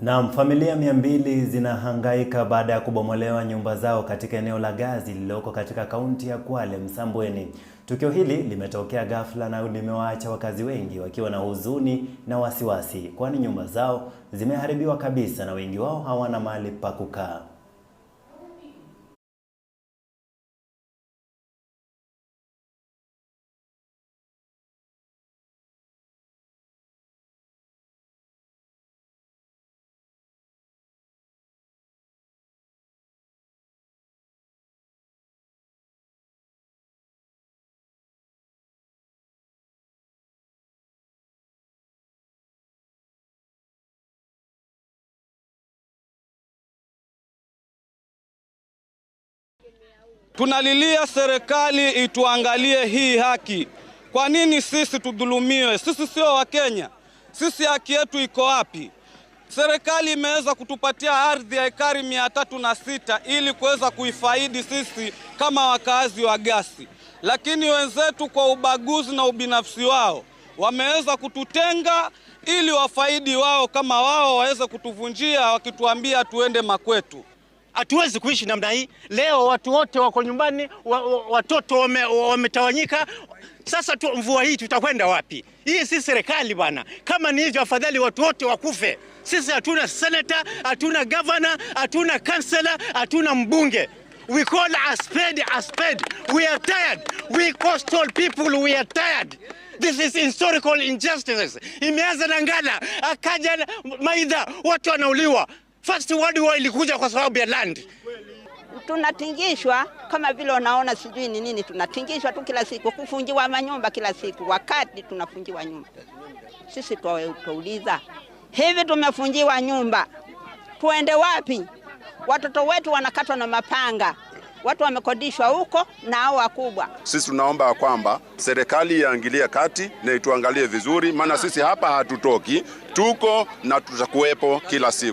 Naam, familia mia mbili zinahangaika baada ya kubomolewa nyumba zao katika eneo la Gazi lililoko katika kaunti ya Kwale Msambweni. Tukio hili limetokea ghafla na limewaacha wakazi wengi wakiwa na huzuni na wasiwasi, kwani nyumba zao zimeharibiwa kabisa na wengi wao hawana mahali pa kukaa. Tunalilia serikali ituangalie hii haki. Kwa nini sisi tudhulumiwe? Sisi sio Wakenya? Sisi haki yetu iko wapi? Serikali imeweza kutupatia ardhi ya ekari mia tatu na sita ili kuweza kuifaidi sisi kama wakaazi wa Gasi, lakini wenzetu kwa ubaguzi na ubinafsi wao wameweza kututenga ili wafaidi wao kama wao waweze kutuvunjia, wakituambia tuende makwetu. Hatuwezi kuishi namna hii. Leo watu wote wako nyumbani, watoto wametawanyika, sasa tu, mvua hii tutakwenda wapi? Hii si serikali bwana. Kama ni hivyo, afadhali watu wote wakufe. Sisi hatuna senata, hatuna gavana, hatuna kansela, hatuna mbunge. We call a spade a spade. We are tired. We coastal people, we are tired. This is historical Imeanza na Ngala, akaja Maidha, watu wanauliwa. First World War ilikuja kwa sababu ya land. Tunatingishwa kama vile wanaona sijui ni nini, tunatingishwa tu kila siku, kufungiwa manyumba kila siku. Wakati tunafungiwa nyumba, sisi twauliza, hivi tumefungiwa nyumba, tuende wapi? Watoto wetu wanakatwa na mapanga, watu wamekodishwa huko na hao wakubwa. Sisi tunaomba kwamba serikali iangalie kati na ituangalie vizuri, maana sisi hapa hatutoki, tuko na tutakuwepo kila siku.